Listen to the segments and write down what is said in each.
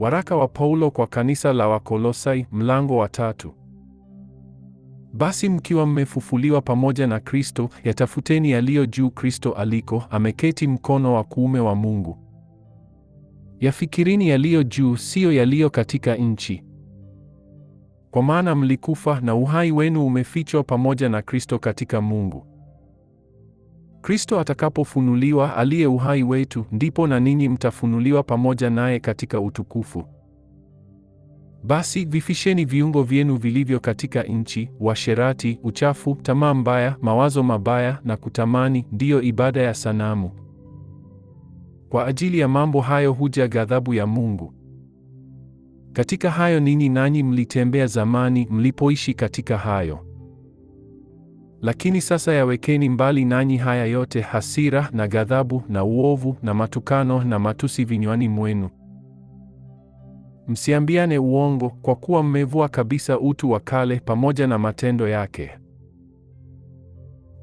Waraka wa Paulo kwa kanisa la Wakolosai mlango wa tatu. Basi mkiwa mmefufuliwa pamoja na Kristo, yatafuteni yaliyo juu Kristo aliko ameketi mkono wa kuume wa Mungu. Yafikirini yaliyo juu, siyo yaliyo katika nchi. Kwa maana mlikufa na uhai wenu umefichwa pamoja na Kristo katika Mungu. Kristo atakapofunuliwa aliye uhai wetu, ndipo na ninyi mtafunuliwa pamoja naye katika utukufu. Basi vifisheni viungo vyenu vilivyo katika nchi, uasherati, uchafu, tamaa mbaya, mawazo mabaya na kutamani, ndiyo ibada ya sanamu. Kwa ajili ya mambo hayo huja ghadhabu ya Mungu. Katika hayo ninyi nanyi mlitembea zamani, mlipoishi katika hayo. Lakini sasa yawekeni mbali nanyi haya yote, hasira na ghadhabu na uovu na matukano na matusi vinywani mwenu. Msiambiane uongo, kwa kuwa mmevua kabisa utu wa kale pamoja na matendo yake,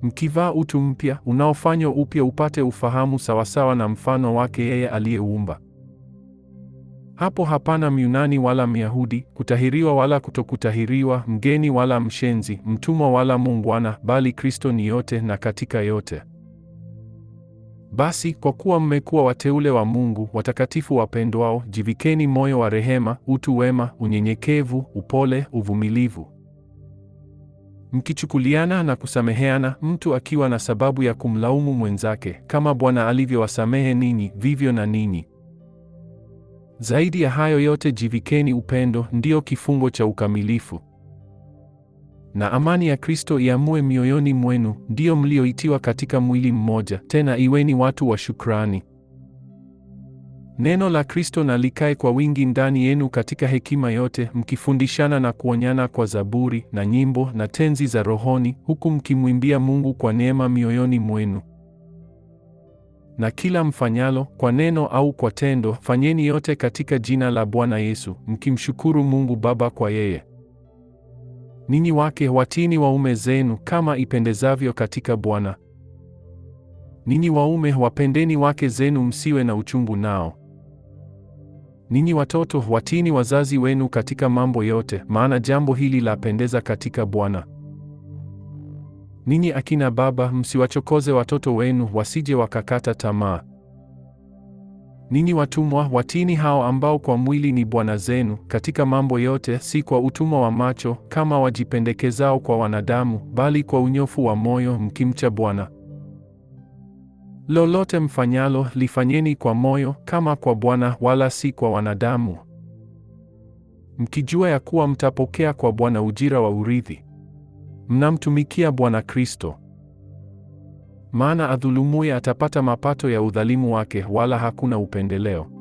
mkivaa utu mpya unaofanywa upya upate ufahamu sawasawa na mfano wake yeye aliyeumba hapo hapana Myunani wala Myahudi, kutahiriwa wala kutokutahiriwa, mgeni wala mshenzi, mtumwa wala mungwana bali Kristo ni yote na katika yote. Basi kwa kuwa mmekuwa wateule wa Mungu, watakatifu wapendwao, jivikeni moyo wa rehema, utu wema, unyenyekevu, upole, uvumilivu, mkichukuliana na kusameheana, mtu akiwa na sababu ya kumlaumu mwenzake, kama Bwana alivyowasamehe ninyi, vivyo na ninyi zaidi ya hayo yote, jivikeni upendo, ndiyo kifungo cha ukamilifu. Na amani ya Kristo iamue mioyoni mwenu, ndiyo mlioitiwa katika mwili mmoja, tena iweni watu wa shukrani. Neno la Kristo na likae kwa wingi ndani yenu katika hekima yote, mkifundishana na kuonyana kwa zaburi na nyimbo na tenzi za rohoni, huku mkimwimbia Mungu kwa neema mioyoni mwenu na kila mfanyalo, kwa neno au kwa tendo, fanyeni yote katika jina la Bwana Yesu, mkimshukuru Mungu Baba kwa yeye. Ninyi wake watini waume zenu kama ipendezavyo katika Bwana. Ninyi waume wapendeni wake zenu, msiwe na uchungu nao. Ninyi watoto watini wazazi wenu katika mambo yote, maana jambo hili lapendeza katika Bwana. Ninyi akina baba, msiwachokoze watoto wenu wasije wakakata tamaa. Ninyi watumwa watini hao ambao kwa mwili ni bwana zenu katika mambo yote, si kwa utumwa wa macho kama wajipendekezao kwa wanadamu, bali kwa unyofu wa moyo, mkimcha Bwana. Lolote mfanyalo lifanyeni kwa moyo kama kwa Bwana, wala si kwa wanadamu, mkijua ya kuwa mtapokea kwa Bwana ujira wa urithi mnamtumikia Bwana Kristo. Maana adhulumuye atapata mapato ya udhalimu wake, wala hakuna upendeleo.